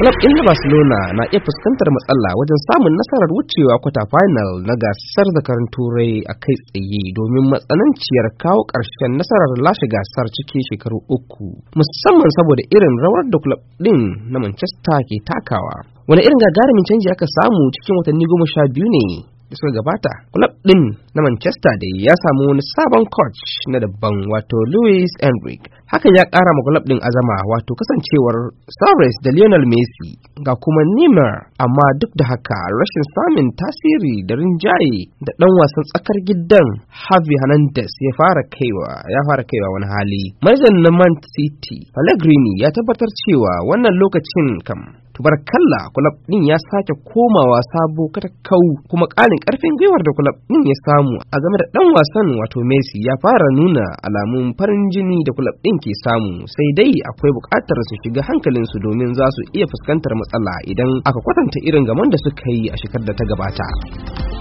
club ɗin na barcelona na iya fuskantar matsala wajen samun nasarar wucewa kwata final na gasar zakarun turai a kai tsaye domin matsananciyar kawo ƙarshen nasarar lashe gasar cikin shekaru uku musamman saboda irin rawar da club ɗin na manchester ke takawa wani irin gagarumin canji aka samu cikin watanni goma sha biyu ne da suka gabata club din na manchester da ya samu wani sabon coach na daban wato louis enrique hakan ya kara ma club din azama wato kasancewar Suarez da Lionel Messi ga kuma Neymar amma duk da haka rashin samun tasiri da rinjaye da dan wasan tsakar gidan Harvey Hernandez ya fara kaiwa ya fara kaiwa wani hali manajan na Man City Pellegrini ya tabbatar cewa wannan lokacin kam tubarkalla kulab din ya sake komawa sabo kau kuma ƙarin ƙarfin gwiwar da kulab din ya samu a game da ɗan wasan wato Messi ya fara nuna alamun farin jini da kulab din ke samu sai dai akwai buƙatar su shiga hankalinsu domin za su iya fuskantar matsala idan aka kwatanta irin gaman da suka yi a shekarar da ta gabata.